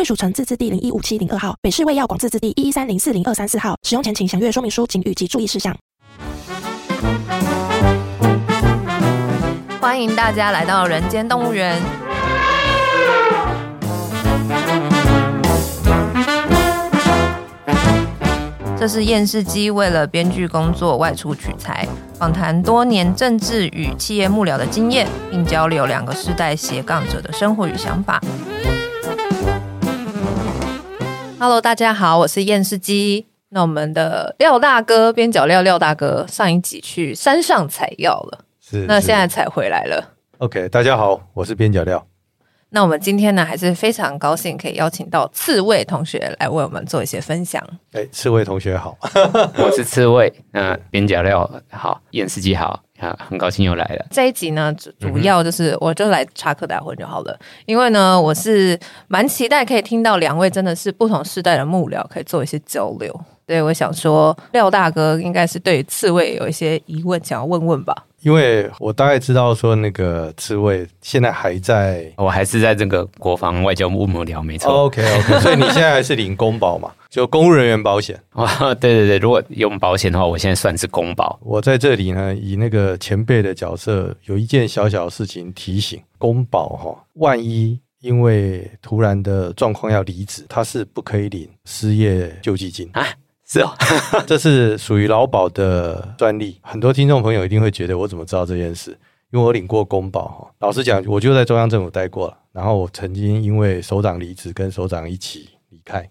貴屬城自治地零一五七零二號，北市衛藥廣自治地一一三零四零二三四號。使用前請詳閱說明書警語及注意事項。歡迎大家來到人間動物園。這是驗視機為了編劇工作外出取材，訪談多年政治與企業幕僚的經驗，並交流兩個世代斜槓者的生活與想法。Hello，大家好，我是燕司機。那我們的廖大哥邊角料廖大哥上一集去山上採藥了。是，是。那現在採回來了。OK，大家好，我是邊角料。那我們今天呢，還是非常高興可以邀請到刺蝟同學來為我們做一些分享。哎、欸，刺蝟同學好， 我是刺蝟。嗯、呃，邊角料好，燕司機好。啊，很高興又來了。這一集呢，主主要就是、嗯、哼我就來插科打諢就好了，因為呢，我是蠻期待可以聽到兩位真的是不同世代的幕僚可以做一些交流。所以我想說，廖大哥應該是對刺蝟有一些疑問，想要問問吧。因為我大概知道說，那個刺蝟現在還在、哦，我還是在這個國防外交部門聊，沒錯。哦、OK OK， 所以你現在還是領公保嘛？就公務人員保險。啊、哦，對對對，如果用保險的話，我現在算是公保。我在這裡呢，以那個前輩的角色，有一件小小的事情提醒公保哈、哦，萬一因為突然的狀況要離職，他是不可以領失業救濟金。啊是啊、哦， 這是屬於勞保的專利。很多聽眾朋友一定會覺得我怎麼知道這件事？因為我領過公保。老實講，我就在中央政府待過了。然後我曾經因為首長離職，跟首長一起離開。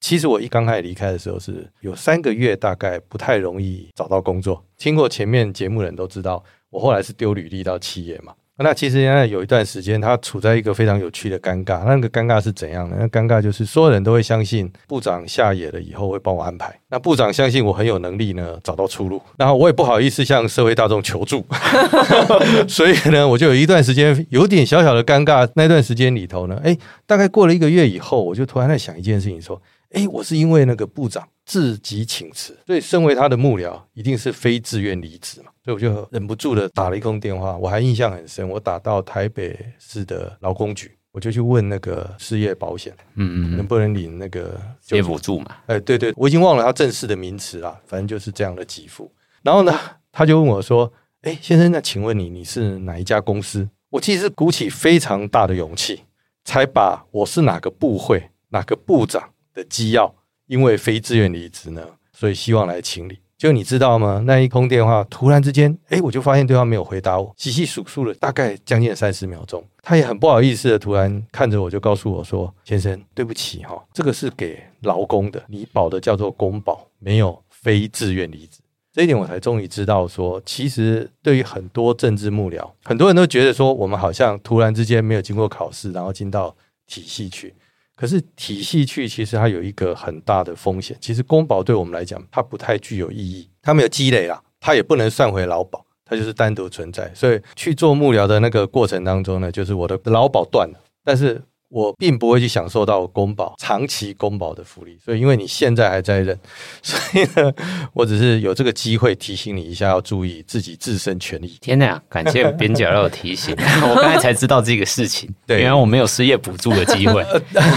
其實我一剛開始離開的時候，是有三個月，大概不太容易找到工作。聽過前面節目人都知道，我後來是丟履歷到企業嘛。那其實現在有一段時間，他處在一個非常有趣的尷尬。那個尷尬是怎樣的？那個尷尬就是所有人都會相信部長下野了以後會幫我安排。那部長相信我很有能力呢，找到出路。然後我也不好意思向社會大眾求助， 所以呢，我就有一段時間有點小小的尷尬。那段時間裡頭呢，哎，大概過了一個月以後，我就突然在想一件事情說。哎、欸，我是因為那個部長自己請辭，所以身為他的幕僚，一定是非自願離職嘛，所以我就忍不住的打了一通電話。我還印象很深，我打到台北市的勞工局，我就去問那個失業保險，嗯，嗯，嗯，能不能領那個失業補助嘛？哎、欸，對，對對，我已經忘了他正式的名詞了，反正就是這樣的給付。然後呢，他就問我說：“哎、欸，先生，那請問你你是哪一家公司？”我其實鼓起非常大的勇氣，才把我是哪個部會、哪個部長。的機要，因為非自願離職呢，所以希望來請領。就你知道嗎？那一通電話，突然之間，哎、欸，我就發現對方沒有回答我。細細數數了，大概將近三十秒鐘，他也很不好意思的，突然看着我，就告訴我說：“先生，對不起哈、哦，這個是給勞工的，你保的叫做公保，沒有非自願離職。”這一點我才終於知道說，說其實對於很多政治幕僚，很多人都覺得說，我們好像突然之間沒有經過考試，然後進到體系去。可是體系去，其實它有一個很大的風險。其實公保對我們來講，它不太具有意義，它沒有積累啊，它也不能算回勞保，它就是單獨存在。所以去做幕僚的那個過程當中呢，就是我的勞保斷了，但是，我並不會去享受到公保、長期公保的福利，所以，因為你現在還在任，所以呢，我只是有這個機會提醒你一下，要注意自己自身權益。天哪，感謝邊角料提醒， 我剛才才知道這個事情。對， 原來我沒有失業補助的機會，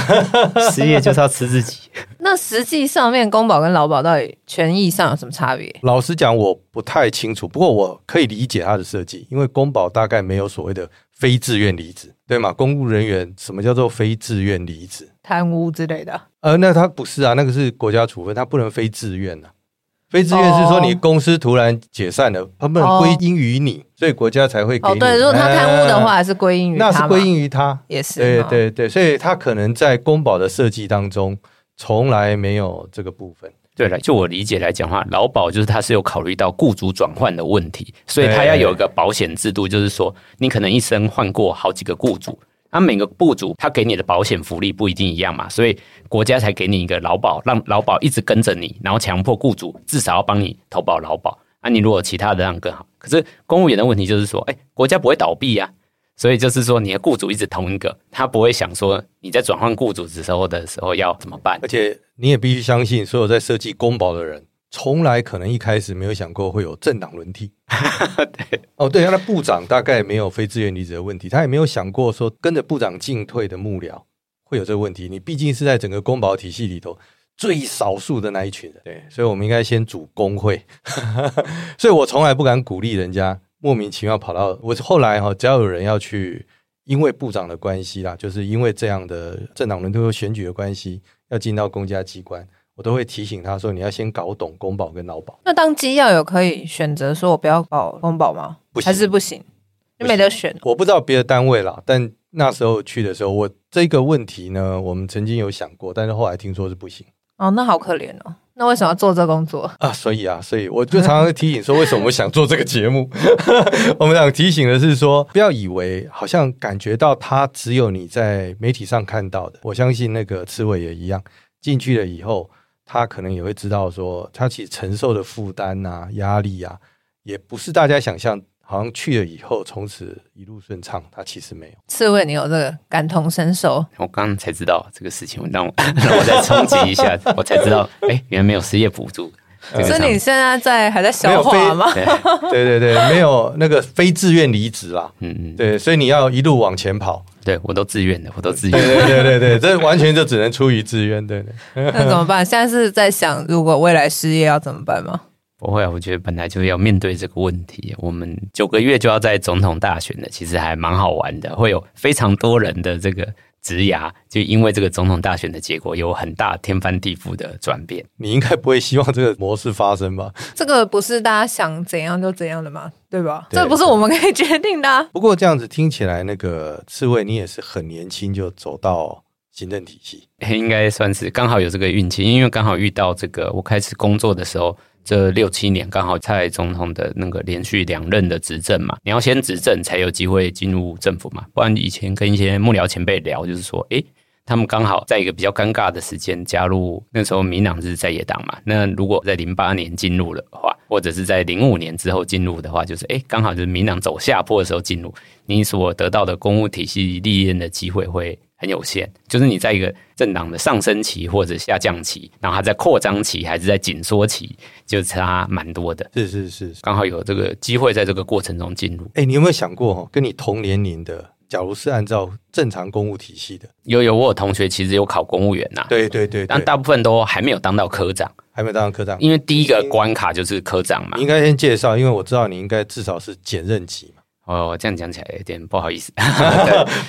失業就是要吃自己。 那實際上面，公保跟勞保到底權益上有什麼差別？老實講，我不太清楚。不過我可以理解他的設計，因為公保大概沒有所謂的。非自願離職，對嗎？公務人員什麼叫做非自願離職？貪污之類的？呃，那他不是啊，那個是國家處分，他不能非自願啊。非自願是說你公司突然解散了，哦、他不能歸因於你，哦、所以國家才會給你、哦。對，如果他貪污的話是歸，是歸因於那是歸因於他，也是對對對，所以他可能在公保的設計當中從來沒有這個部分。對了，就我理解來講的話，勞保就是他是有考慮到雇主轉換的問題，所以他要有一個保險制度，就是說你可能一生換過好幾個雇主，啊，每個雇主他給你的保險福利不一定一樣嘛，所以國家才給你一個勞保，讓勞保一直跟着你，然後強迫雇主至少要幫你投保勞保，啊，那你如果其他的讓更好。可是公務員的問題就是說，哎，國家不會倒閉呀，啊。所以就是說，你的僱主一直同一個，他不會想說你在轉換僱主的時候的時候要怎麼辦。而且你也必須相信，所有在設計公保的人，從來可能一開始沒有想過會有政黨輪替。 對，哦，對，他的部長大概沒有非自願離職的問題，他也沒有想過說跟着部長進退的幕僚會有這個問題。你畢竟是在整個公保體系裡頭最少數的那一群人。對，所以我們應該先組工會。 所以我從來不敢鼓勵人家。莫名其妙跑到我後來、哦、只要有人要去，因為部長的關係啦，就是因為這樣的政黨輪替選舉的關係，要進到公家機關，我都會提醒他說，你要先搞懂公保跟勞保。那當機要有可以選擇，說我不要搞公保嗎？不行，還是不行，不行就沒得選。我不知道別的單位啦，但那時候去的時候，我這個問題呢，我們曾經有想過，但是後來聽說是不行。哦，那好可憐哦。那為什麼要做這個工作啊？所以啊，所以我就常常會提醒說，為什麼我想做這個節目？ 我們想提醒的是說，不要以為好像感覺到他只有你在媒體上看到的，我相信那個刺蝟也一樣，進去了以後，他可能也會知道說，他其實承受的負擔啊、壓力呀、啊，也不是大家想象。好像去了以後，從此一路順暢。他其實沒有刺蝟，你有這個感同身受。我剛才知道這個事情，讓我讓我再衝擊一下， 我才知道，哎、欸，原來沒有失業補助。嗯、所以你現在在還在消化嗎？對，對對對，沒有那個非自願離職啊。嗯嗯，對，所以你要一路往前跑。對，我都自願的，我都自願。自願對，對，對對對，這完全就只能出於自願，對對，對。那怎麼辦？現在是在想，如果未來失業要怎麼辦嗎？不會啊！我覺得本來就要面對這個問題，我們九個月就要在總統大選了，其實還蠻好玩的。會有非常多人的這個職涯，就因為這個總統大選的結果有很大天翻地覆的轉變。你應該不會希望這個模式發生吧？這個不是大家想怎樣就怎樣的嘛，對吧？對，這不是我們可以決定的啊。不過這樣子聽起來，那個刺蝟你也是很年輕就走到行政體系，應該算是剛好有這個運氣，因為剛好遇到這個我開始工作的時候。這六七年剛好蔡總統的那個連續兩任的執政嘛，你要先執政才有機會進入政府嘛，不然以前跟一些幕僚前輩聊，就是說，誒，他們剛好在一個比較尷尬的時間加入，那時候民進黨是在野黨嘛，那如果在零八年進入了的話。或者是在零五年之後進入的話，就是哎，剛、欸、好，就是民黨走下坡的時候進入，你所得到的公務體系歷練的機會會很有限。就是你在一個政黨的上升期或者下降期，然後還在擴張期還是在緊縮期，就差蠻多的。是是是，是，剛好有這個機會在這個過程中進入。哎、欸，你有沒有想過，跟你同年齡的？假如是按照正常公務體系的，有有我有同學其實有考公務員呐，對對,對對對，但大部分都還沒有當到科長，還沒有當到科長，因為第一個關卡就是科長嘛。應該先介紹，因為我知道你應該至少是簡任級嘛。哦，這樣講起來有點不好意思。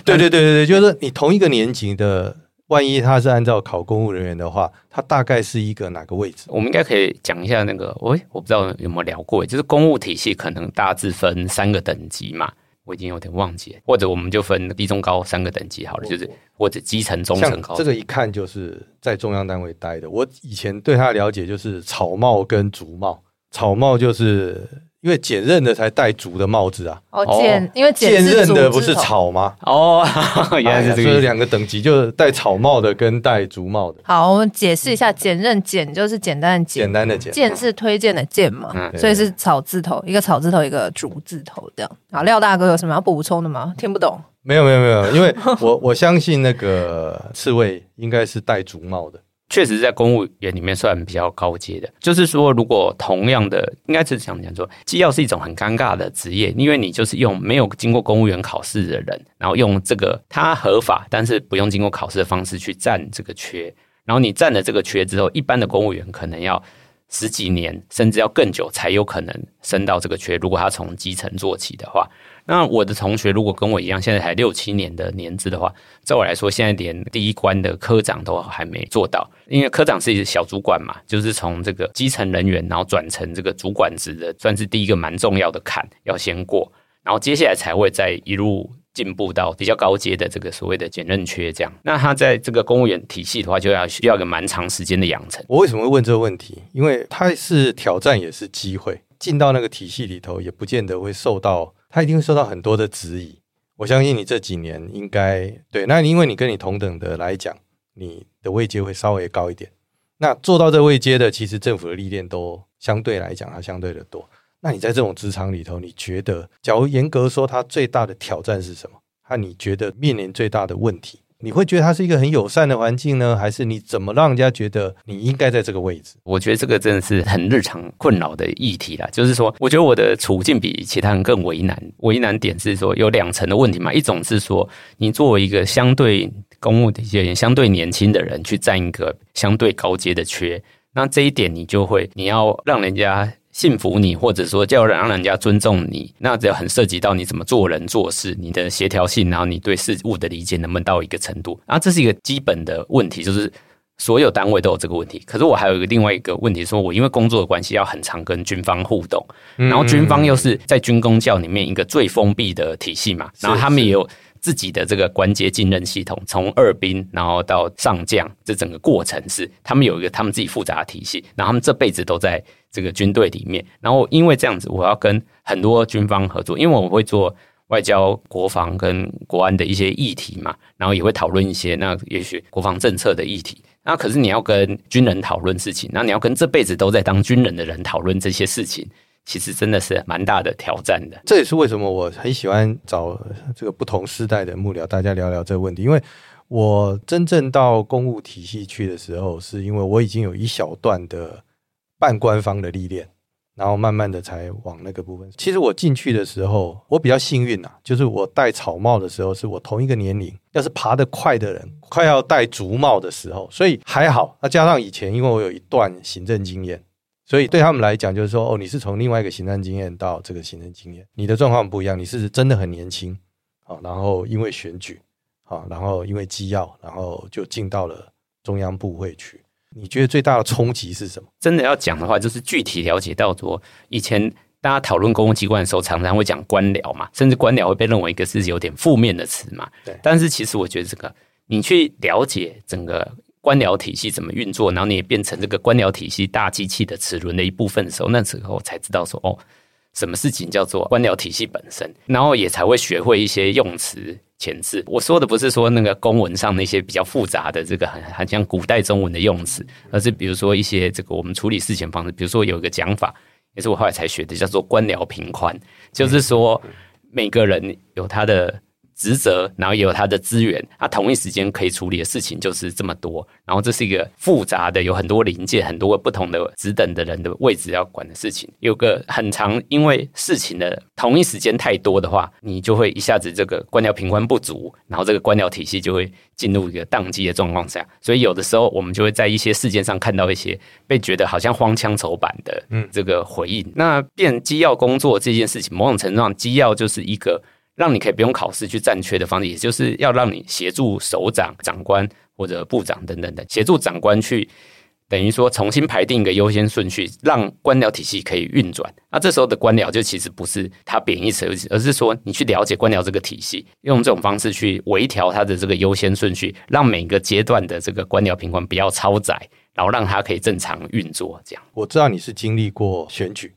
對, 對對對對對，就是你同一個年級的，萬一他是按照考公務人員的話，他大概是一個哪個位置？我們應該可以講一下那個，喂、欸，我不知道有沒有聊過，就是公務體系可能大致分三個等級嘛。我已經有點忘記了，或者我們就分低中高三個等級好了，就是或者基層、中層、高。這個一看就是在中央單位待的。我以前對他的了解就是草帽跟竹帽，草帽就是。因為簡任的才戴竹的帽子啊！哦，簡因為簡任的不是草嗎？哦，原來、啊、是這個，就是兩個等級就是戴草帽的跟戴竹帽的。好，我們解釋一下，簡任簡就是簡單的簡，簡單的簡，薦是推薦的薦嘛，嗯、所以是草字頭對對對，一個草字頭一個竹字頭這樣。好，廖大哥有什麼要補充的嗎？聽不懂？沒有沒有沒有，因為我我相信那個刺蝟應該是戴竹帽的。確實，在公務員裡面算比較高階的。就是說，如果同樣的，應該是想怎麼講？說，機要是一種很尷尬的職業，因為你就是用沒有經過公務員考試的人，然後用這個它合法，但是不用經過考試的方式去佔這個缺。然後你佔了這個缺之後，一般的公務員可能要十幾年，甚至要更久，才有可能升到這個缺。如果他從基層做起的話。那我的同學如果跟我一樣，現在才六七年的年資的話，在我來說，現在連第一關的科長都還沒做到，因為科長是一個小主管嘛，就是從這個基層人員，然後轉成這個主管職的，算是第一個蠻重要的坎要先過，然後接下來才會再一路進步到比較高階的這個所謂的簡任缺這樣。那他在這個公務員體系的話，就要需要一個蠻長時間的養成。我為什麼會問這個問題？因為他是挑戰，也是機會。進到那個體系裡頭，也不見得會受到。他一定會受到很多的質疑，我相信你這幾年應該，對。那因為你跟你同等的來講，你的位階會稍微高一點。那做到這位階的，其實政府的歷練都相對來講，它相對的多。那你在這種職場裡頭，你覺得，假如嚴格說，它最大的挑戰是什麼？那你覺得面臨最大的問題？你會覺得它是一個很友善的環境呢，還是你怎麼讓人家覺得你應該在這個位置？我覺得這個真的是很日常困擾的議題啦。就是說，我覺得我的處境比其他人更為難。為難點是說，有兩層的問題嘛。一種是說，你作為一個相對公務的一些人，相對年輕的人去占一個相對高階的缺，那這一點你就會你要讓人家。信服你，或者說叫讓人家尊重你，那這很涉及到你怎麼做人做事，你的協調性，然後你對事物的理解能不能到一個程度？啊，這是一個基本的問題，就是所有單位都有這個問題。可是我還有一個另外一個問題，說我因為工作的關係要很常跟軍方互動，然後軍方又是在軍公教裡面一個最封閉的體系嘛，然後他們也有。自己的這個關節晉升系統，從二兵然後到上將，這整個過程是他們有一個他們自己複雜的體系，然後他們這輩子都在這個軍隊裡面。然後因為這樣子，我要跟很多軍方合作，因為我會做外交、國防跟國安的一些議題嘛，然後也會討論一些那也許國防政策的議題。那可是你要跟軍人討論事情，那你要跟這輩子都在當軍人的人討論這些事情，其實真的是蠻大的挑戰的，這也是為什麼我很喜歡找這個不同世代的幕僚，大家聊聊這個問題。因為我真正到公務體系去的時候，是因為我已經有一小段的半官方的歷練，然後慢慢的才往那個部分。其實我進去的時候，我比較幸運吶、啊，就是我戴草帽的時候，是我同一個年齡，要是爬得快的人，快要戴竹帽的時候，所以還好。那加上以前，因為我有一段行政經驗。所以對他們來講，就是說，哦，你是從另外一個行政經驗到這個行政經驗，你的狀況不一樣，你是真的很年輕，好、哦，然後因為選舉，好、哦，然後因為機要，然後就進到了中央部會去。你覺得最大的衝擊是什麼？真的要講的話，就是具體了解到說，以前大家討論公共機關的時候，常常會講官僚嘛，甚至官僚會被認為一個是有點負面的詞嘛。對。但是其實我覺得這個，你去了解整個。官僚體系怎麼運作？然後你也變成這個官僚體系大機器的齒輪的一部分的時候，那時候才知道說哦，什麼事情叫做官僚體系本身，然後也才會學會一些用詞、遣詞。我說的不是說那個公文上那些比較複雜的這個很很像古代中文的用詞，而是比如說一些這個我們處理事情方式。比如說有一個講法，也是我後來才學的，叫做官僚頻寬，就是說每個人有他的。職責，然後也有他的資源，啊，同一時間可以處理的事情就是這麼多。然後這是一個複雜的，有很多零件、很多不同的職等的人的位置要管的事情，有個很長。因為事情的同一時間太多的話，你就會一下子這個官僚頻寬不足，然後這個官僚體系就會進入一個宕機的狀況下。所以有的時候我們就會在一些事件上看到一些被覺得好像荒腔走板的，嗯，這個回應。嗯、那變機要工作這件事情，某種程度上機要就是一個讓你可以不用考試去暫缺的方式，也就是要讓你協助首長、長官或者部長等等的協助長官去，等於說重新排定一個優先順序，讓官僚體系可以運轉。那這時候的官僚就其實不是它貶義詞，而是說你去了解官僚這個體系，用這種方式去微調它的這個優先順序，讓每個階段的這個官僚平官不要超載，然後讓它可以正常運作。這樣。我知道你是經歷過選舉，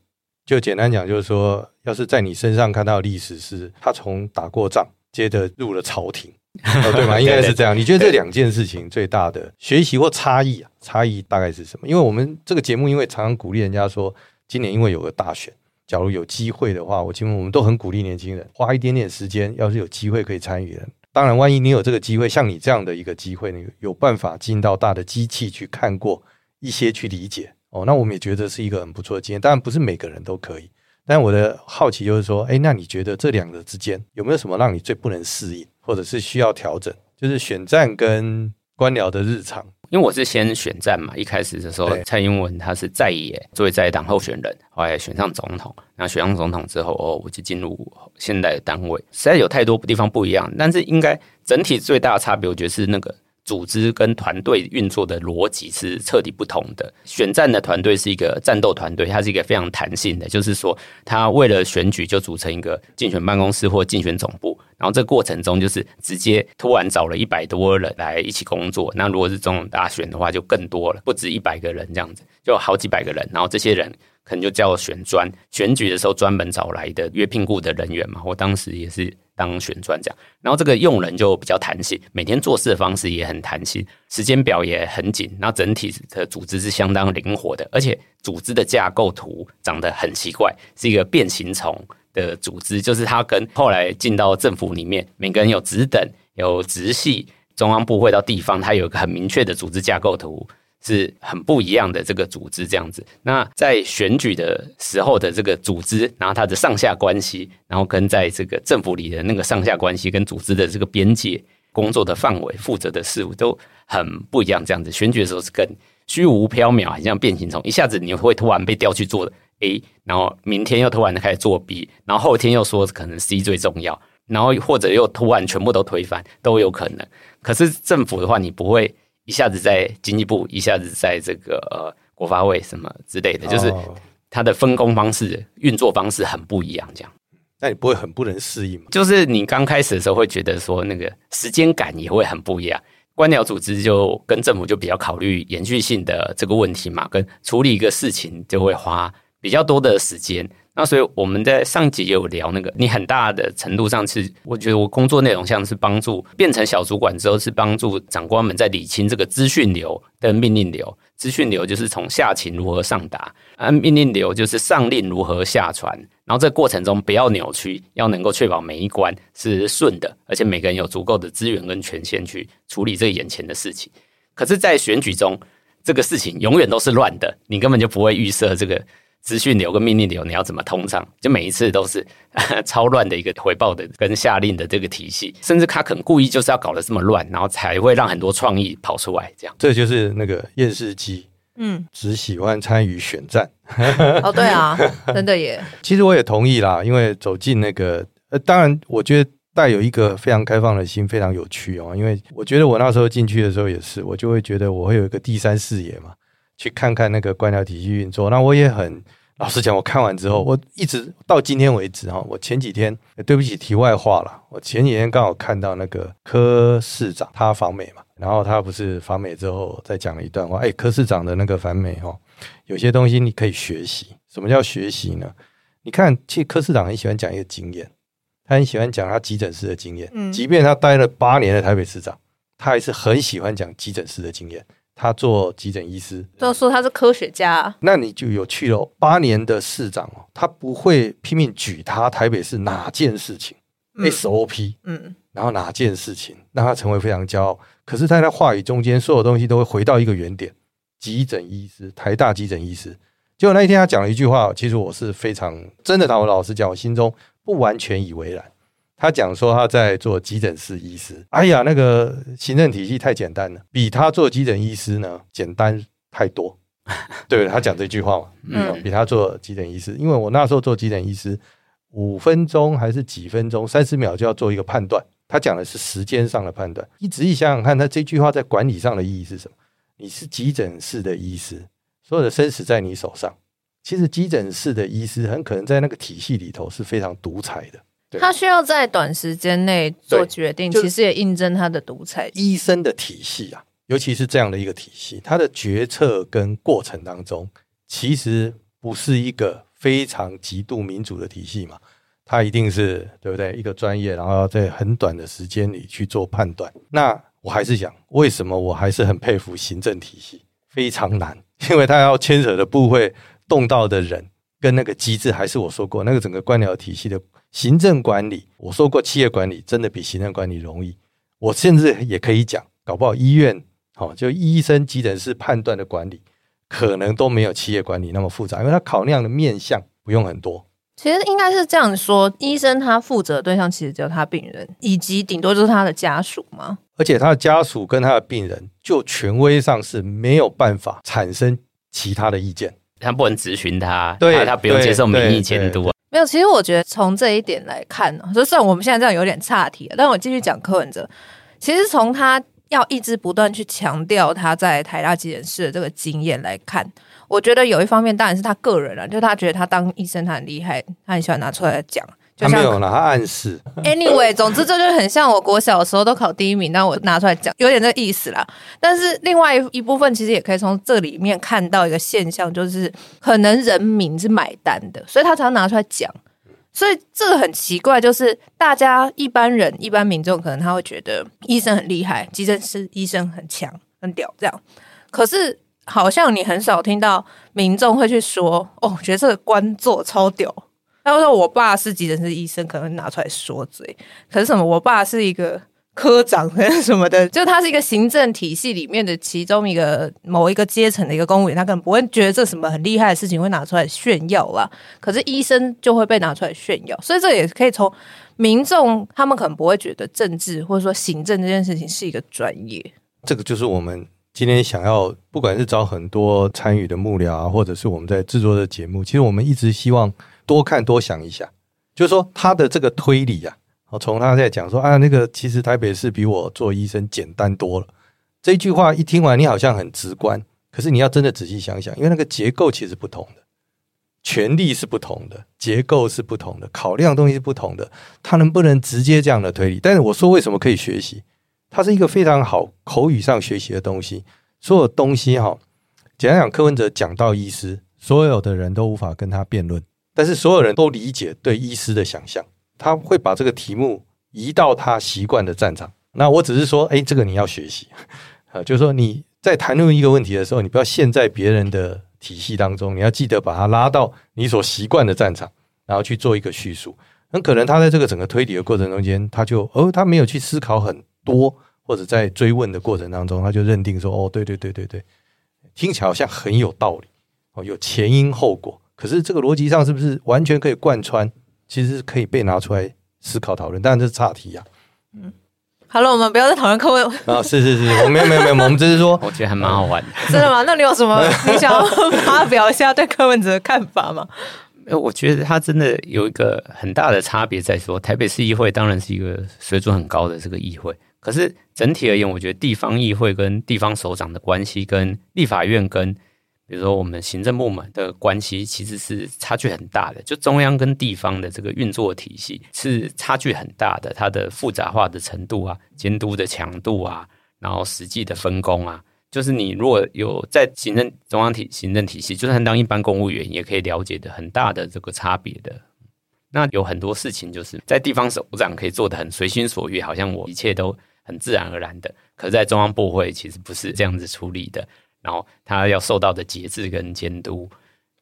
就簡單講就是說。要是在你身上看到的歷史，是他從打過仗，接着入了朝廷， 哦、對吧，應該是這樣。你覺得這兩件事情最大的學習或差異啊？差異大概是什麼？因為我們這個節目，因為常常鼓勵人家說，今年因為有個大選，假如有機會的話，我請問我們都很鼓勵年輕人花一點點時間。要是有機會可以參與的，當然，萬一你有這個機會，像你這樣的一個機會，你有辦法進到大的機器去看過一些，去理解哦。那我們也覺得是一個很不錯的經驗。當然，不是每個人都可以。但我的好奇就是說，哎，那你覺得這兩個之間有沒有什麼讓你最不能適應，或者是需要調整？就是選戰跟官僚的日常。因為我是先選戰嘛，一開始的時候，對蔡英文她是在野作為在黨候選人，後來選上總統，然後選上總統之後，哦，我就進入現在的單位，實在有太多地方不一樣。但是應該整體最大的差別，我覺得是那個。組織跟團隊運作的邏輯是徹底不同的。選戰的團隊是一個戰鬥團隊，它是一個非常彈性的，就是說，它為了選舉就組成一個競選辦公室或競選總部，然後這個過程中就是直接突然找了一百多人來一起工作。那如果是總統大選的話，就更多了，不止一百個人這樣子，就好幾百個人。然後這些人。可能就叫選專，選舉的時候，專門找來的約聘雇的人員嘛。我當時也是當選專這樣，然後這個用人就比較彈性，每天做事的方式也很彈性，時間表也很緊。那整體的組織是相當靈活的，而且組織的架構圖長得很奇怪，是一個變形蟲的組織。就是他跟後來進到政府裡面，每個人有職等、有直系、中央部會到地方，他有一個很明確的組織架構圖。是很不一樣的這個組織這樣子。那在選舉的時候的這個組織，然後它的上下關係，然後跟在這個政府裡的那個上下關係跟組織的這個邊界、工作的範圍、負責的事物都很不一樣這樣子。選舉的時候是更虛無縹緲，很像變形蟲，一下子你會突然被調去做 A，然後明天又突然的開始做 B，然後後天又說可能 C 最重要，然後或者又突然全部都推翻都有可能。可是政府的話，你不會。一下子在經濟部，一下子在這個呃國發會什麼之類的，Oh. 就是他的分工方式、運作方式很不一樣。這樣，那你不會很不能適應嗎？就是你剛開始的時候會覺得說，那個時間感也會很不一樣。官僚組織就跟政府就比較考慮延續性的這個問題嘛，跟處理一個事情就會花比較多的時間。那所以我們在上集也有聊那個，你很大的程度上是，我覺得我工作內容像是幫助變成小主管之後是幫助長官們在理清這個資訊流跟命令流。資訊流就是從下情如何上達、啊，而命令流就是上令如何下傳，然後這過程中不要扭曲，要能夠確保每一關是順的，而且每個人有足夠的資源跟權限去處理這眼前的事情。可是，在選舉中，這個事情永遠都是亂的，你根本就不會預設這個。資訊流跟命令流，你要怎麼通暢？就每一次都是呵呵超亂的一個回報的跟下令的這個體系，甚至他可能故意就是要搞得這麼亂，然後才會讓很多創意跑出來。這樣，這就是那個驗視機，嗯，只喜歡參與選戰。嗯、呵呵哦，對啊，真的耶。其實我也同意啦，因為走進那個，呃，當然我覺得帶有一個非常開放的心，非常有趣哦。因為我覺得我那時候進去的時候也是，我就會覺得我會有一個第三視野嘛。去看看那個官僚體系運作，那我也很老實講，我看完之後，我一直到今天為止哈，我前幾天對不起，題外話了，我前幾天剛好看到那個柯市長他訪美嘛，然後他不是訪美之後再講了一段話，哎，柯市長的那個訪美哈，有些東西你可以學習，什麼叫學習呢？你看，其實柯市長很喜歡講一個經驗，他很喜歡講他急診室的經驗，嗯，即便他待了八年的台北市長，他還是很喜歡講急診室的經驗。他做急診醫師，都說他是科學家，啊。那你就有去了，八年的市長哦，他不會拼命舉他台北市哪件事情 SOP，嗯，然後哪件事情讓他成為非常驕傲。可是他在話語中間，所有東西都會回到一個原點：急診醫師，台大急診醫師。結果那一天他講了一句話，其實我是非常真的，當我老實講，我心中不完全以為然。他講說他在做急診室醫師，哎呀，那個行政體系太簡單了，比他做急診醫師呢簡單太多。對，對，他講這句話嘛，嗯，比他做急診醫師，因為我那時候做急診醫師，五分鐘還是幾分鐘，三十秒就要做一個判斷。他講的是時間上的判斷。你仔細想想看，他這句話在管理上的意義是什麼？你是急診室的醫師，所有的生死在你手上。其實急診室的醫師很可能在那個體系裡頭是非常獨裁的。他需要在短時間內做決定，其實也印證他的獨裁。醫生的體系啊，尤其是這樣的一個體系，他的決策跟過程當中，其實不是一個非常極度民主的體系嘛？他一定是對不對？一個專業，然後要在很短的時間裡去做判斷。那我還是想，為什麼我還是很佩服行政體系？非常難，因為他要牽扯的部會、動到的人跟那個機制，還是我說過那個整個官僚體系的。行政管理，我說過企業管理真的比行政管理容易。我甚至也可以講，搞不好醫院，好、哦、就醫生急診室判斷的管理，可能都沒有企業管理那麼複雜，因為他考量的面向不用很多。其實應該是這樣說，醫生他負責的對象其實只有他病人，以及頂多就是他的家屬嘛。而且他的家屬跟他的病人，就權威上是沒有辦法產生其他的意見，他不能諮詢他，對，他不用接受民意監督啊。沒有，其實我覺得從這一點來看呢、啊，就算我們現在這樣有點岔題，、啊，但我繼續講柯文哲。其實從他要一直不斷去強調他在台大急診室的這個經驗來看，我覺得有一方面當然是他個人了，、啊，就他覺得他當醫生，他很厲害，他很喜歡拿出來，來講。就像 way, 他沒有了，他暗示。Anyway， 總之這就很像我國小的時候都考第一名，那我拿出來講，有點這個意思啦。但是另外一一部分，其實也可以從這裡面看到一個現象，就是可能人民是買單的，所以他常常拿出來講。所以這個很奇怪，就是大家一般人、一般民眾，可能他會覺得醫生很厲害，急診室醫生很強、很屌這樣。可是好像你很少聽到民眾會去說：“哦，覺得這個官座超屌。”他說：“我爸是急診室醫生，可能會拿出來說嘴。可是什麼？我爸是一個科長，還是什麼的？就他是一個行政體系裡面的其中一個某一個階層的一個公務員，他可能不會覺得這什麼很厲害的事情會拿出來炫耀啦。可是醫生就會被拿出來炫耀，所以這也可以從民眾他們可能不會覺得政治或者說行政這件事情是一個專業。這個就是我們今天想要，不管是找很多參與的幕僚啊，或者是我們在製作的節目，其實我們一直希望。”多看多想一下，就是說他的這個推理啊。我從他在講說啊，那個其實台北市比我做醫生簡單多了。這句話一聽完，你好像很直觀，可是你要真的仔細想想，因為那個結構其實不同的，權力是不同的，結構是不同的，考量的東西是不同的，他能不能直接這樣的推理？但是我說為什麼可以學習？它是一個非常好口語上學習的東西。所有東西哈，簡單講，柯文哲講到醫師，所有的人都無法跟他辯論。但是所有人都理解對醫師的想象，他會把這個題目移到他習慣的戰場。那我只是說，哎，這個你要學習啊，就是說你在談論一個問題的時候，你不要陷在別人的體系當中，你要記得把它拉到你所習慣的戰場，然後去做一個敘述。很可能他在這個整個推理的過程中間，他就哦，他沒有去思考很多，或者在追問的過程當中，他就認定說，哦，對對對對對，聽起來好像很有道理，哦，有前因後果。可是這個邏輯上是不是完全可以貫穿？其實是可以被拿出來思考討論，當然這是岔題呀、啊。嗯，好了，我們不要再討論柯文啊，是是是，我們沒有沒有沒有， 我們只是說，我覺得還蠻好玩的 真的嗎？那你有什麼你想要發表一下對柯文哲的看法嗎？ 我覺得他真的有一個很大的差別在說，台北市議會當然是一個水準很高的這個議會，可是整體而言，我覺得地方議會跟地方首長的關係跟立法院跟。比如說，我們行政部門的關係其實是差距很大的，就中央跟地方的這個運作體系是差距很大的，它的複雜化的程度啊，監督的強度啊，然後實際的分工啊，就是你如果有在行政中央體行政體系，就算當一般公務員也可以了解的很大的這個差別的。那有很多事情，就是在地方首長可以做得很隨心所欲，好像我一切都很自然而然的，可在中央部會其實不是這樣子處理的。然後他要受到的節制跟監督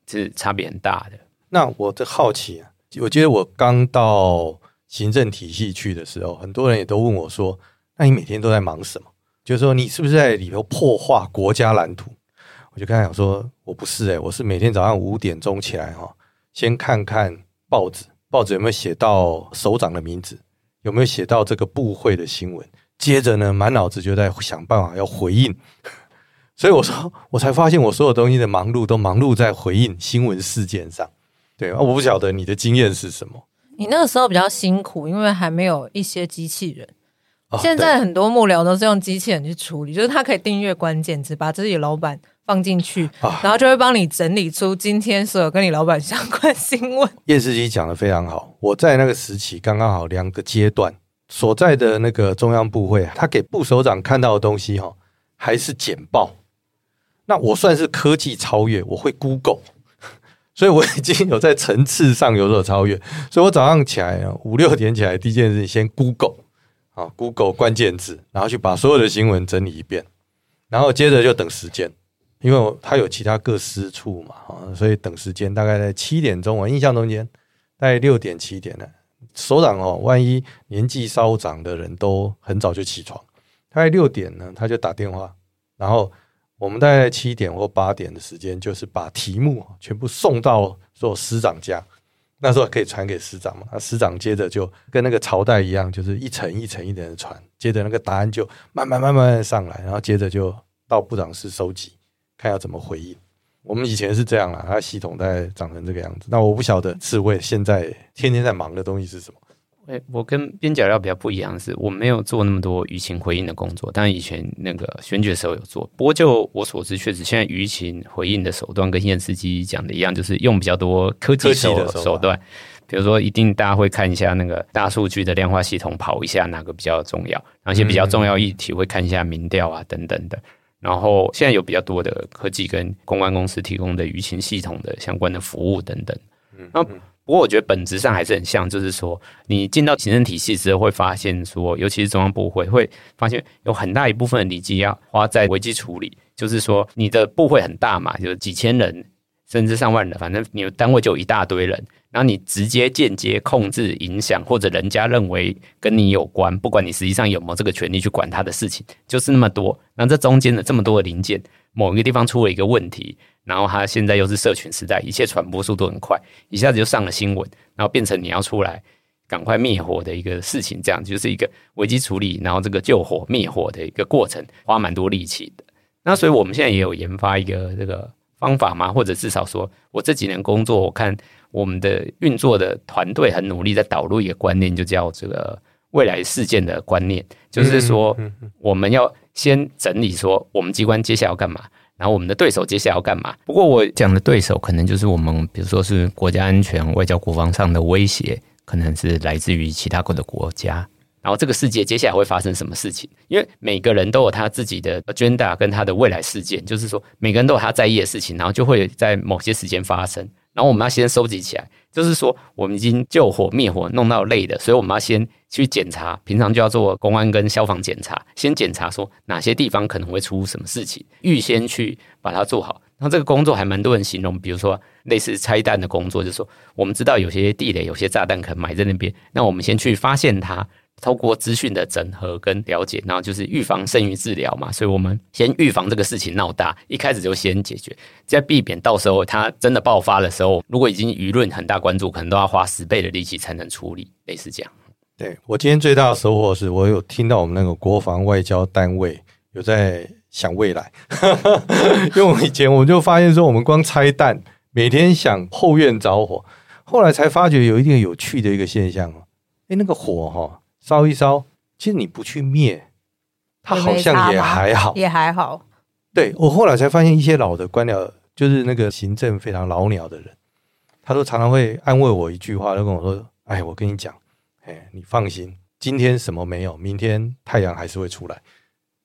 是差別很大的。那我就好奇啊，我記得我剛到行政體系去的時候，很多人也都問我說：“那你每天都在忙什麼？”就是說你是不是在裡頭破壞國家藍圖？我就跟他講說：“我不是、欸、我是每天早上五點鐘起來哈，先看看報紙，報紙有沒有寫到首長的名字，有沒有寫到這個部會的新聞，接着呢，滿腦子就在想辦法要回應。”所以我說，我才發現我所有東西的忙碌都忙碌在回應新聞事件上。對，我不曉得你的經驗是什麼。你那個時候比較辛苦，因為還沒有一些機器人。哦、現在很多幕僚都是用機器人去處理，對就是它可以訂閱關鍵字，把自己老板放進去，哦、然後就會幫你整理出今天所有跟你老板相關新聞。葉司機講得非常好。我在那個時期，剛剛好兩個階段所在的那個中央部會，他給部首長看到的東西哈、哦，還是剪報。那我算是科技超越，我會 Google，所以我已經有在層次上有所超越。所以我早上起來，五六點起來，第一件事先 Google 啊，Google 關鍵字，然後去把所有的新聞整理一遍，然後接着就等時間，因為我他有其他各司處嘛，所以等時間，大概在七點鐘，我印象中間大概六點七點呢。首長哦，萬一年紀稍長的人都很早就起床，大概六點呢，他就打電話，然後。我們大概七點或八點的時間，就是把題目全部送到所有師長家，那時候可以傳給師長嘛？那師長接着就跟那個朝代一樣，就是一層一層一點的傳，接着那個答案就慢慢慢慢上來，然後接着就到部長室收集，看要怎麼回應。我們以前是這樣了，它系統在長成這個樣子。那我不曉得刺蝟現在天天在忙的東西是什麼？欸，我跟邊角料比較不一樣的是，我沒有做那麼多輿情回應的工作，但以前那個選舉的時候有做。不過就我所知，確實現在輿情回應的手段跟燕斯基講的一樣，就是用比較多科技手技技的手段，手吧。比如說一定大家會看一下那個大數據的量化系統，跑一下哪個比較重要，而且比較重要議題會看一下民調啊等等的。嗯嗯，然後現在有比較多的科技跟公關公司提供的輿情系統的相關的服務等等。嗯，嗯，那。不過，我覺得本質上還是很像，就是說，你進到行政體系之後，會發現說，尤其是中央部會，會發現有很大一部分的力氣要花在危機處理。就是說，你的部會很大嘛，就是幾千人，甚至上萬人，反正你的單位就有一大堆人，然後你直接、間接控制、影響，或者人家認為跟你有關，不管你實際上有沒有這個權利去管他的事情，就是那麼多。那這中間的這麼多的零件，某一個地方出了一個問題。然後他現在又是社群時代，一切傳播速度很快，一下子就上了新聞，然後變成你要出來趕快滅火的一個事情，這樣就是一個危機處理，然後這個救火滅火的一個過程，花蠻多力氣的。那所以我們現在也有研發一個這個方法嘛，或者至少說我這幾年工作，我看我們的運作的團隊很努力在導入一個觀念，就叫這個。未來事件的觀念，就是說，我們要先整理說，我們機關接下來要幹嘛，然後我們的對手接下來要幹嘛。不過我，我講的對手可能就是我們，比如說是國家安全、外交、國防上的威脅，可能是來自於其他國的國家。然後，這個世界接下來會發生什麼事情？因為每個人都有他自己的 agenda，跟他的未來事件，就是說，每個人都有他在意的事情，然後就會在某些時間發生。然後我們要先收集起來，就是說我們已經救火滅火弄到累的，所以我們要先去檢查。平常就要做公安跟消防檢查，先檢查說哪些地方可能會出什麼事情，預先去把它做好。那這個工作還蠻多人形容，比如說類似拆彈的工作，就是說我們知道有些地雷、有些炸彈可能埋在那邊，那我們先去發現它。透過資訊的整合跟了解，然後就是預防勝於治療嘛，所以我們先預防這個事情鬧大，一開始就先解決，再避免到時候它真的爆發的時候，如果已經輿論很大關注，可能都要花十倍的力氣才能處理，類似這樣。對，我今天最大的收穫是我有聽到我們那個國防外交單位有在想未來， 因為我以前我就發現說我們光拆彈， 每天想後院着火，後來才發覺有一點有趣的一個現象哦，哎、欸，那個火哈、哦。燒一燒，其實你不去滅，它好像也還好，也還好。對，我後來才發現，一些老的官僚，就是那個行政非常老鳥的人，他都常常會安慰我一句話，他跟我說：“哎，我跟你講，哎，你放心，今天什麼沒有，明天太陽還是會出來。”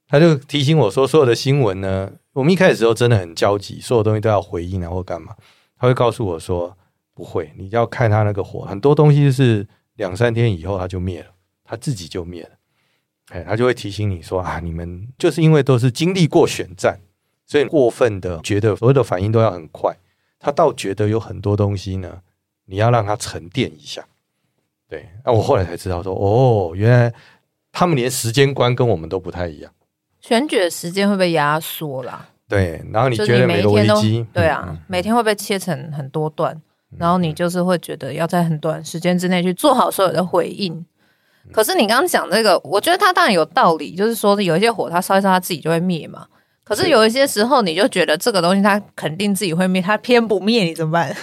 他就提醒我說：“所有的新聞呢，我們一開始時候真的很焦急，所有東西都要回應啊或幹嘛。”他會告訴我說：“不會，你要看他那個火，很多東西就是兩三天以後它就滅了。”他自己就滅了，哎、欸，他就會提醒你說啊，你們就是因為都是經歷過選戰，所以過分的覺得所有的反應都要很快。他倒覺得有很多東西呢，你要讓他沉澱一下。對，那、啊、我後來才知道說，哦，原來他們連時間觀跟我們都不太一樣。選舉的時間會被壓縮了，對。然後你覺得每個危機，對啊，每天會被切成很多段，嗯、然後你就是會覺得要在很短時間之內去做好所有的回應。可是你剛剛講這個，我覺得他當然有道理，就是說有一些火它燒一燒，它自己就會滅嘛。可是有一些時候，你就覺得這個東西它肯定自己會滅，它偏不滅，你怎麼辦？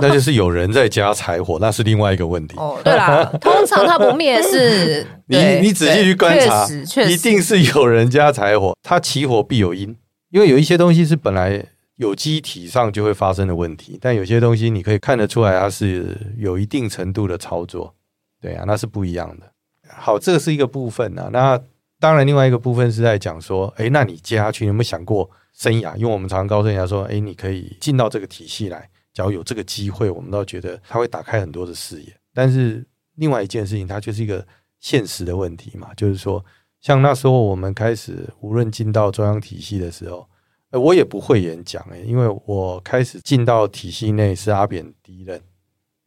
那就是有人在加柴火，那是另外一個問題。哦，對啦、啊，通常它不滅是、 嗯、對你你仔細去觀察，確實確實一定是有人加柴火。它起火必有因，因為有一些東西是本來有機體上就會發生的問題，但有些東西你可以看得出來，它是有一定程度的操作，對啊，那是不一樣的。好，這是一個部分、啊、那當然，另外一個部分是在講說，哎、欸，那你接下去你有沒有想過生涯？因為我們常常告訴人家說，哎、欸，你可以進到這個體系來，只要有這個機會，我們倒覺得他會打開很多的視野。但是，另外一件事情，它就是一個現實的問題嘛，就是說，像那時候我們開始無論進到中央體系的時候，哎、欸，我也不會演講、欸、因為我開始進到體系內是阿扁第一任，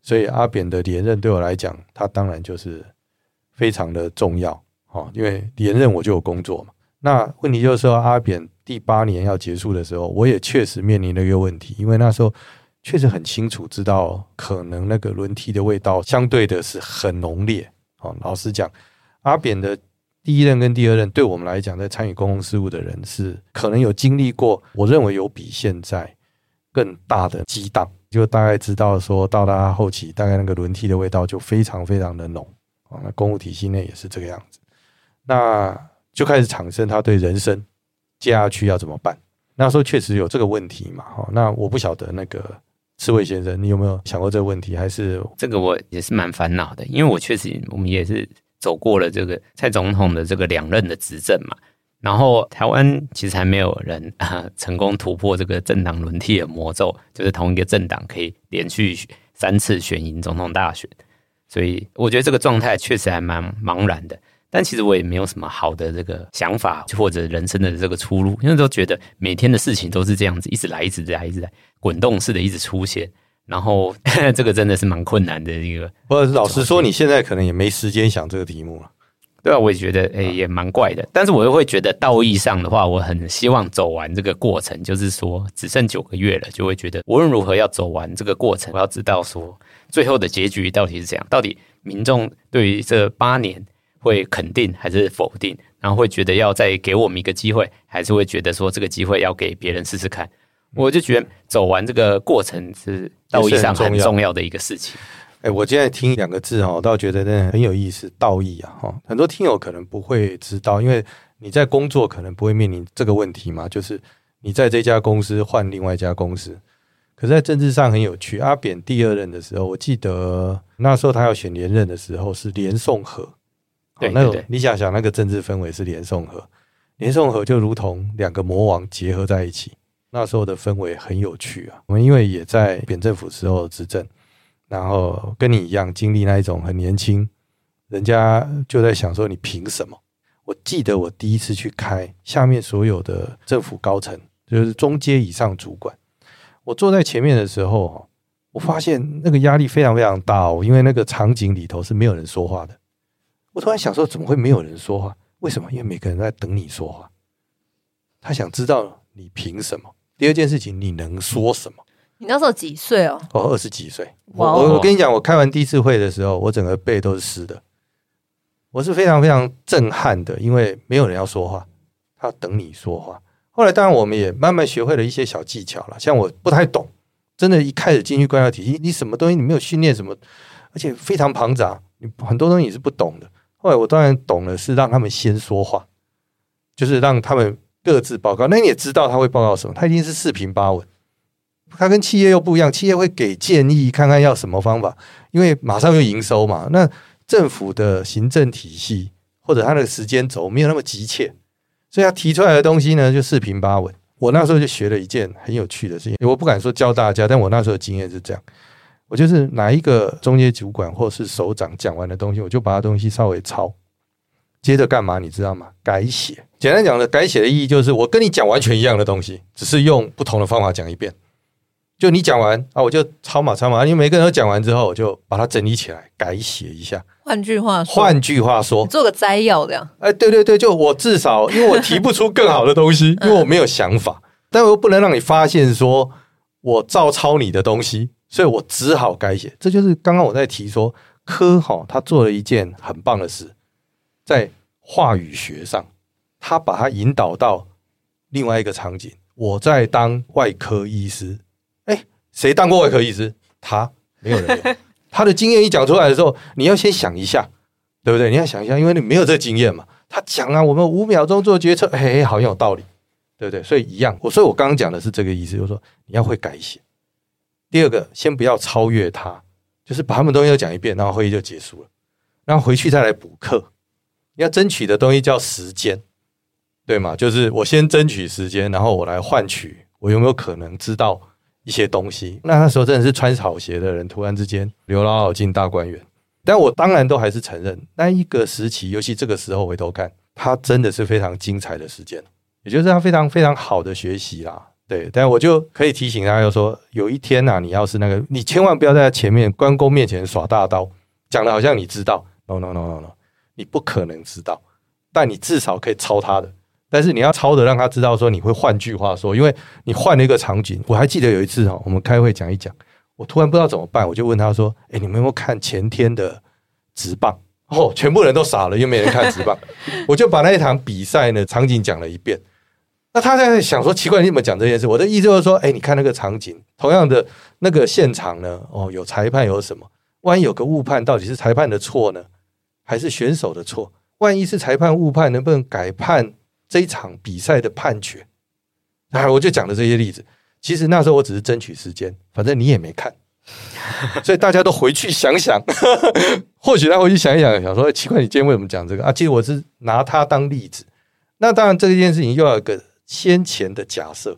所以阿扁的連任對我來講，他當然就是。非常的重要哦，因為連任我就有工作嘛。那問題就是說，阿扁第八年要結束的時候，我也確實面臨了一個問題，因為那時候確實很清楚知道，可能那個輪替的味道相對的是很濃烈哦。老實講，阿扁的第一任跟第二任，對我們來講，在參與公共事務的人是可能有經歷過，我認為有比現在更大的激盪，就大概知道說，到他後期，大概那個輪替的味道就非常非常的濃。那公務體系內也是這個樣子，那就開始產生他對人生，接下去要怎麼辦？那時候確實有這個問題嘛，哈。那我不曉得那個刺蝟先生，你有沒有想過這個問題？還是這個我也是蠻煩惱的，因為我確實我們也是走過了這個蔡總統的這個兩任的執政嘛，然後台灣其實還沒有人啊、呃、成功突破這個政黨輪替的魔咒，就是同一個政黨可以連續三次選贏總統大選。所以我覺得這個狀態確實還蠻茫然的，但其實我也沒有什麼好的這個想法或者人生的這個出路，因為都覺得每天的事情都是這樣子，一直來，一直來，一直來，滾動式的一直出現，然後呵呵這個真的是蠻困難的一個。或者是老實說，你現在可能也沒時間想這個題目了。對啊，我也覺得，誒、欸，也蠻怪的。但是我又會覺得，道義上的話，我很希望走完這個過程。就是說，只剩九個月了，就會覺得無論如何要走完這個過程。我要知道說，最後的結局到底是怎樣？到底民眾對於這八年會肯定還是否定？然後會覺得要再給我們一個機會，還是會覺得說這個機會要給別人試試看？我就覺得走完這個過程是道義上很重要的一個事情。哎、欸，我今天聽兩個字哦，我倒覺得真的很有意思，道義啊，哈。很多聽友可能不會知道，因為你在工作可能不會面臨這個問題嘛，就是你在這家公司換另外一家公司，可是在政治上很有趣。阿扁第二任的時候，我記得那時候他要選連任的時候是連宋合，對，對，對。那你想想那個政治氛圍是連宋合，連宋合就如同兩個魔王結合在一起，那時候的氛圍很有趣啊。我們因為也在扁政府時候執政。然後跟你一樣經歷那一種很年輕，人家就在想說你憑什麼？我記得我第一次去開，下面所有的政府高層就是中階以上主管，我坐在前面的時候，我發現那個壓力非常非常大哦，因為那個場景裡頭是沒有人說話的。我突然想說，怎麼會沒有人說話？為什麼？因為每個人在等你說話，他想知道你憑什麼。第二件事情，你能說什麼？你那時候幾歲哦？哦，二十幾歲。Wow. 我我跟你講，我開完第一次會的時候，我整個背都是濕的。我是非常非常震撼的，因為沒有人要說話，他要等你說話。後來當然我們也慢慢學會了一些小技巧了。像我不太懂，真的，一開始進去觀察體系，你什麼東西你沒有訓練什麼，而且非常龐雜，你很多東西你是不懂的。後來我當然懂了，是讓他們先說話，就是讓他們各自報告。那你也知道他會報告什麼，他一定是四平八穩。它跟企業又不一樣，企業會給建議，看看要什麼方法，因為馬上就營收嘛。那政府的行政體系或者他的時間軸沒有那麼急切，所以他提出來的東西呢就四平八穩。我那時候就學了一件很有趣的事情，我不敢說教大家，但我那時候的經驗是這樣：我就是哪一個中階主管或是首長講完的東西，我就把他東西稍微抄，接着幹嘛？你知道嗎？改寫。簡單講的，改寫的意義就是我跟你講完全一樣的東西，只是用不同的方法講一遍。就你講完啊，我就抄嘛抄嘛，因為每個人都講完之後，我就把它整理起來，改寫一下。換句話說，換句話說，做個摘要這樣。哎、欸，對對對，就我至少因為我提不出更好的東西， 因為我沒有想法，但我又不能讓你發現說我照抄你的東西，所以我只好改寫。這就是剛剛我在提說科齁他做了一件很棒的事，在話語學上，他把它引導到另外一個場景。我在當外科醫師。誰當過外科醫師？他沒有人用。 他的經驗一講出來的時候，你要先想一下，對不對？你要想一下，因為你沒有這個經驗嘛。他講啊，我們五秒鐘做決策，哎，好像有道理，對不對？所以一樣，我所以，我剛剛講的是這個意思，就是說你要會改寫。第二個，先不要超越他，就是把他們的東西都講一遍，然後會議就結束了，然後回去再來補課。要爭取的東西叫時間，對嗎？就是我先爭取時間，然後我來換取，我有沒有可能知道。一些東西，那那時候真的是穿草鞋的人，突然之間劉姥姥進大觀園。但我當然都還是承認，那一個時期，尤其這個時候回頭看，它真的是非常精彩的時間，也就是他非常非常好的學習啦。對，但我就可以提醒大家說，有一天吶、啊，你要是那個，你千萬不要在他前面關公面前耍大刀，講得好像你知道，no no no no no，你不可能知道，但你至少可以抄他的。但是你要抄的，讓他知道說你會換句話說，因為你換了一個場景。我還記得有一次哈，我們開會講一講，我突然不知道怎麼辦，我就問他說：“誒、欸，你們有沒有看前天的職棒？”哦，全部人都傻了，又沒人看職棒。 我就把那一場比賽呢場景講了一遍。那他在那想說奇怪，你怎麼講這件事？我的意思就是說，誒、欸，你看那個場景，同樣的那個現場呢，哦，有裁判有什麼？萬一有個誤判，到底是裁判的錯呢，還是選手的錯？萬一是裁判誤判，能不能改判？這場比賽的判決啊，我就講了這些例子。其實那時候我只是爭取時間，反正你也沒看，所以大家都回去想想， 或許他回去想一想，想說奇怪，你今天為什麼講這個啊？其實我是拿它當例子。那當然，這件事情又有一個先前的假設，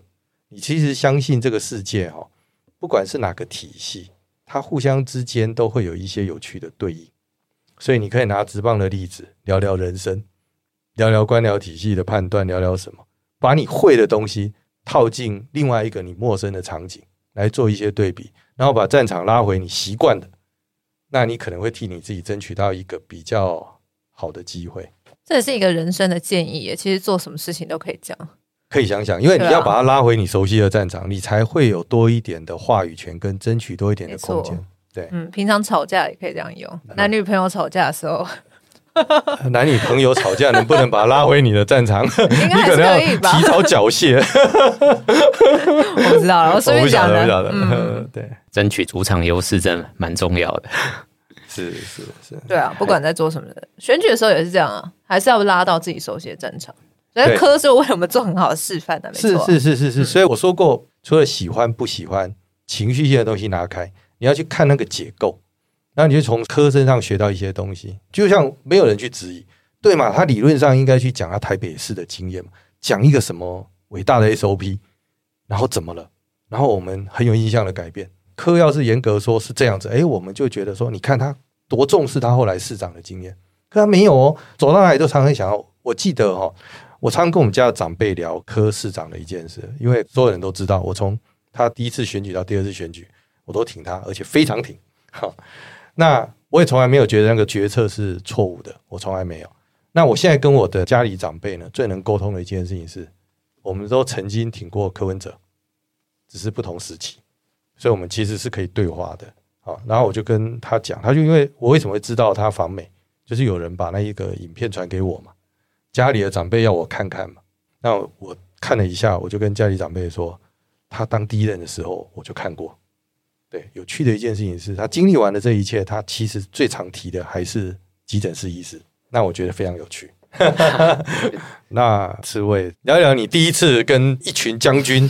你其實相信這個世界哦，不管是哪個體系，它互相之間都會有一些有趣的對應，所以你可以拿職棒的例子聊聊人生。聊聊官僚體系的判斷，聊聊什麼？把你會的東西套進另外一個你陌生的場景來做一些對比，然後把戰場拉回你習慣的，那你可能會替你自己爭取到一個比較好的機會。這也是一個人生的建議，其實做什麼事情都可以講，可以想想，因為你要把它拉回你熟悉的戰場，啊、你才會有多一點的話語權跟爭取多一點的空間。錯對，嗯，平常吵架也可以這樣用，男女、嗯、朋友吵架的時候。男女朋友吵架，能不能把他拉回你的戰場？你可能要提早繳械。我知道了，所以講的，嗯，對，爭取主場優勢真的蠻重要的。是是是，對啊，不管在做什麼，選舉的時候也是這樣啊，還是要拉到自己熟悉的戰場。所以科是為我們做很好的示範的？沒錯，是是是是是，所以我說過，除了喜歡不喜歡情緒性的東西拿開，你要去看那個結構。然後你就從柯身上學到一些東西，就像沒有人去質疑，對嘛？他理論上應該去講他台北市的經驗，講一個什麼偉大的 SOP，然後怎麼了？然後我們很有印象的改變。柯，要是嚴格說是這樣子，哎，我們就覺得說，你看他多重視他後來市長的經驗。可他沒有哦，走到哪裡都常常想要我記得哦，我常跟我們家的長輩聊柯市長的一件事，因為所有人都知道，我從他第一次選舉到第二次選舉，我都挺他，而且非常挺。哈那我也從來沒有覺得那個決策是錯誤的，我從來沒有。那我現在跟我的家裡長輩呢，最能溝通的一件事情是，我們都曾經挺過柯文哲，只是不同時期，所以我們其實是可以對話的啊。然後我就跟他講，他就因為我為什麼會知道他訪美，就是有人把那一個影片傳給我嘛，家裡的長輩要我看看嘛。那我看了一下，我就跟家裡長輩說，他當第一任的時候我就看過。對，有趣的一件事情是他經歷完的這一切，他其實最常提的還是急診室醫師。那我覺得非常有趣。 那刺蝟，聊一聊你第一次跟一群將軍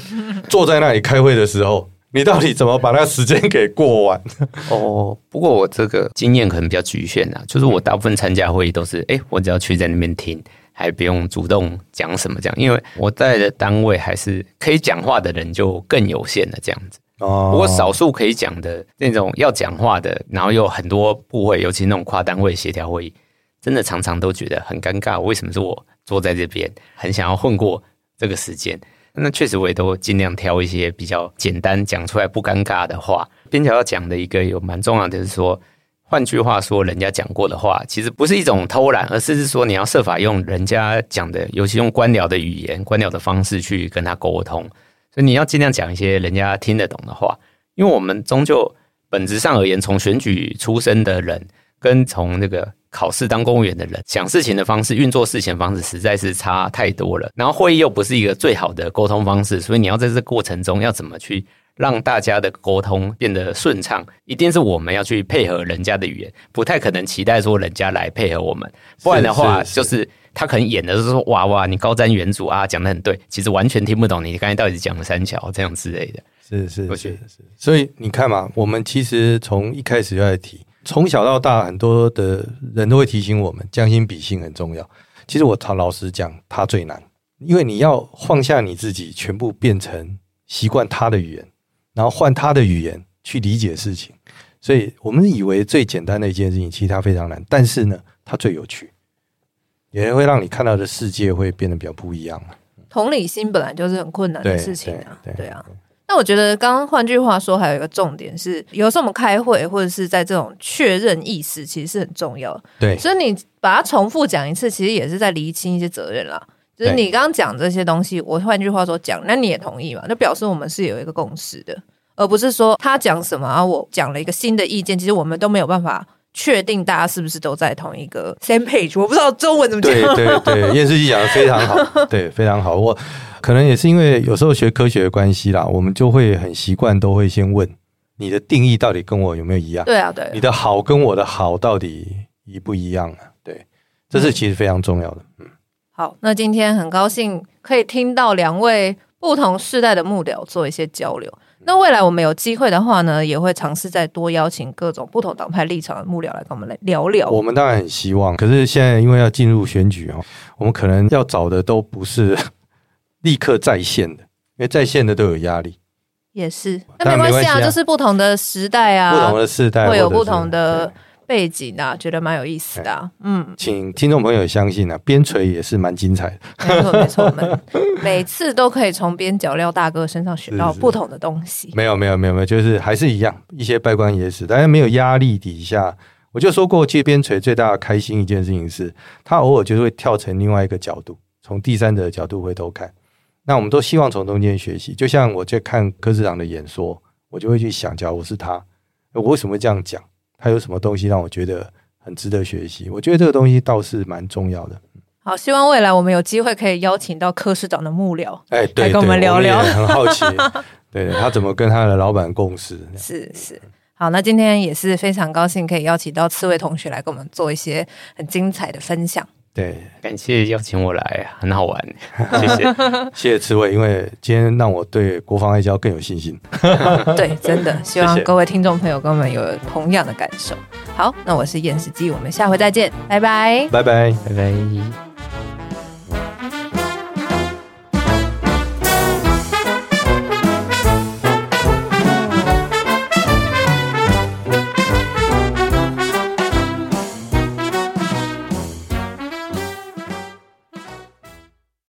坐在那裡開會的時候，你到底怎麼把那時間給過完？哦，不過我這個經驗可能比較侷限啊，就是我大部分參加會議都是，哎，我只要去在那邊聽，還不用主動講什麼講，因為我在的單位還是可以講話的人就更有限了，這樣子。哦，oh. 不過少數可以講的那種要講話的，然後又有很多部會，尤其那種跨單位協調會議，真的常常都覺得很尷尬。為什麼是我坐在這邊？很想要混過這個時間。那確實我也都盡量挑一些比較簡單講出來不尷尬的話。邊條要講的一個有蠻重要的是說，換句話說，人家講過的話，其實不是一種偷懶，而是，是說你要設法用人家講的，尤其用官僚的語言、官僚的方式去跟他溝通。所以你要盡量講一些人家聽得懂的話，因為我們終究本質上而言，從選舉出身的人跟從那個考試當公務員的人講事情的方式、運作事情的方式，實在是差太多了。然後會議又不是一個最好的溝通方式，所以你要在這個過程中要怎麼去？讓大家的溝通變得順暢，一定是我們要去配合人家的語言，不太可能期待說人家來配合我們。不然的話，就是他可能演的就是說：“是是是哇哇，你高瞻遠矚啊，講得很對。”其實完全聽不懂你剛才到底是講的三橋這樣之類的。是是，是對，我是，是，是。所以你看嘛，我們其實從一開始就在提，從小到大，很多的人都會提醒我們，將心比心很重要。其實我老老實講，他最難，因為你要放下你自己，全部變成習慣他的語言。然後換他的語言去理解事情，所以我們以為最簡單的一件事情，其實它非常難。但是呢，它最有趣，也會讓你看到的世界會變得比較不一樣。同理心本來就是很困難的事情啊，對、對、對、對啊。那我覺得，剛剛換句話說，還有一個重點是，有時候我們開會或者是在這種確認意識其實是很重要的。對，所以你把它重複講一次，其實也是在釐清一些責任啦。就是你剛剛講這些東西，我換句話說講，那你也同意嘛？那表示我們是有一個共識的，而不是說他講什麼啊，我講了一個新的意見，其實我們都沒有辦法確定大家是不是都在同一個 same page。我不知道中文怎麼講。對對對，燕書記講的非常好，對，非常好。我可能也是因為有時候學科學的關係啦，我們就會很習慣都會先問你的定義到底跟我有沒有一樣？對啊，對。你的好跟我的好到底一不一樣啊？對，這是其實非常重要的。嗯。好，那今天很高興可以聽到兩位不同世代的幕僚做一些交流。那未來我們有機會的話呢，也會嘗試再多邀請各種不同黨派立場的幕僚來跟我們來聊聊。我們當然很希望，可是現在因為要進入選舉啊，我們可能要找的都不是立刻在線的，因為在線的都有壓力。也是，那沒關係啊，然就是不同的時代啊，不同的世代會有不同的。背景呢、啊，覺得蠻有意思的、啊。嗯，嗯，請聽眾朋友相信呢、啊，邊錘也是蠻精彩的。沒錯，沒錯，每次都可以從邊角料大哥身上學到不同的東西。沒有，沒有，沒有，沒有，就是還是一樣，一些稗官野史。大家沒有壓力底下，我就說過，借邊錘最大的開心一件事情是，他偶爾就會跳成另外一個角度，從第三者的角度回頭看。那我們都希望從中間學習，就像我在看柯市長的演說，我就會去想，假如我是他，我為什麼會這樣講？還有什麼東西讓我覺得很值得學習？我覺得這個東西倒是蠻重要的。好，希望未來我們有機會可以邀請到柯市長的幕僚，哎，對來跟我們聊聊。很好奇， 對他怎麼跟他的老板共事？ 是是，好，那今天也是非常高興可以邀請到四位同學來跟我們做一些很精彩的分享。對，感謝邀請我來，很好玩， 謝謝， 謝謝刺蝟，因為今天讓我對國防外交更有信心。 對，真的，希望各位聽眾朋友跟我們有同樣的感受。謝謝。好，那我是燕時基，我們下回再見，拜拜，拜拜 bye，拜拜。